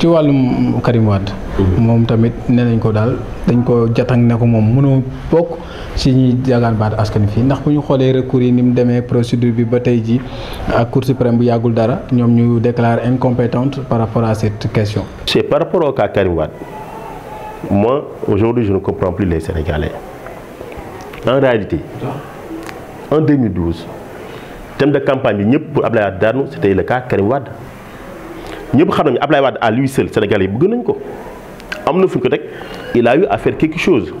ci wàllum Karim Wade mm-hmm. moom tamit nee nañ ko daal dañ ko jatan ne ko moom mënoo bokk si ñuy jagaan baat askan fii ndax bu ñu xoolee recours yi ni mu demee procédure bi ba tey ji ak Cour suprême bu yàggul dara ñoom ñu déclare incompétente par rapport à cette question. c'est par rapport au cas Karim Wade moi aujourd'hui je ne comprends plus les Sénégalais en réalité en de campagne bi ñëpp pour Abdoulaye Wade daanu c'était le cas Karim Wade. ñëpp xam nañu Ablaye Wade a lui seul Sénégalais yi bëgg nañ ko am na fu ñu ko teg il a eu quelque chose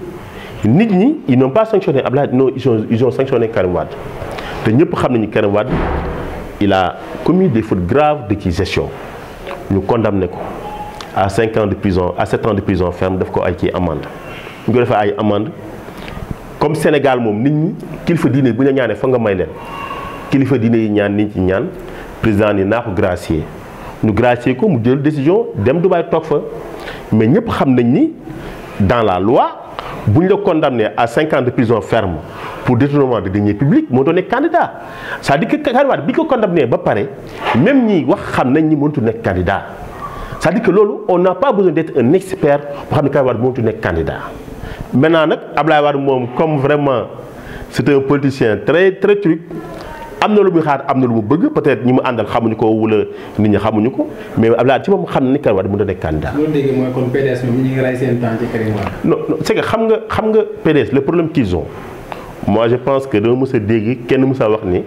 nit ñi ils n'ont pas sanctionné Ablaye non ils ont ils ont sanctionné Karim te ñëpp xam nañu Karim Wade il de commis des de ci gestion ñu condamné ko à cinq ans de prison à sept ans de prison ferme daf ko ay kii amende ñu ko defee ay amende comme Sénégal moom nit ñi kilifa diine bu ñu ñaanee fa nga may leen kilifa diine ñaan nit ñi président ni ñu gracier ko mu jël décision dem Dubaï toog fa mais ñëpp xam nañ ni dans la loi bu ñu la condamné à cinquante ans de prison ferme pour détournement de deniers publics moo doon nekk candidat c'est-à-dire que Karim bi ko condamné ba pare même ñi wax xam nañ ni mëntu nekk candidat c'est-à-dire que loolu on n'a pas besoin d'être un expert boo xam ne Karim Wade mëntu nekk candidat maintenant nag Ablaye Wade moom comme vraiment c'est un politicien très très truc am na lu muy xaar am na lu mu bëgg peut-être ñi mu àndal xamuñu ko wala nit ñi xamuñu ko mais Abdoulaye ci moom xam ni Karim Wade mën a nekk candidat. xam nga xam nga PDS le problème qu'ils ont moi je pense que dama mës a kenn mës wax ni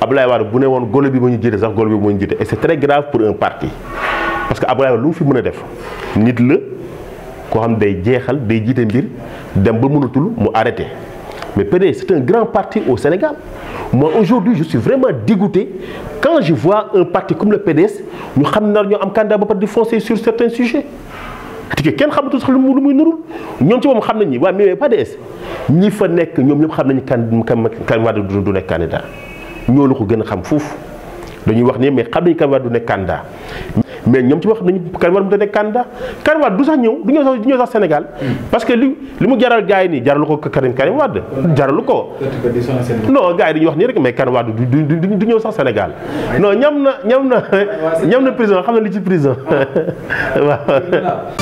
Abdoulaye Wade bu ne woon golo bi moo ñu jiite sax golo bi moo ñu jiite et c'est très parti parce que Abdoulaye Wade fi mën a def nit la koo xam day jeexal day jiite mbir dem ba mënatul mu arrêté. Mais PD, c'est un grand parti au Sénégal. Moi, aujourd'hui, je suis vraiment dégoûté quand je vois un parti comme le PDS, nous xam qu'il y a un candidat de foncer sur certains sujets. te kenn xamatul sax lu mu lu muy nurul ñoom ci moom xam nañ ñi waa mais PDS ñi fa nekk ñoom ñëpp xam nañu kan kan Wade du nekk candidat ñoo la ko gën a xam foofu dañuy wax ni mais xam nañu kan Wade du nekk candidat mais ñoom ci wax nañu Karim Wade mu nekk candidat Karim du sax ñëw du ñëw sax du ñëw sax Sénégal. parce que li li mu jaral gars yi nii jaralu ko Karim Karim Wade. jaralu ko. non gars yi wax nii rek mais Karim Wade du du du ñëw sax Sénégal. non ñam na ñam na ñam na prison xam na li ci prison waaw.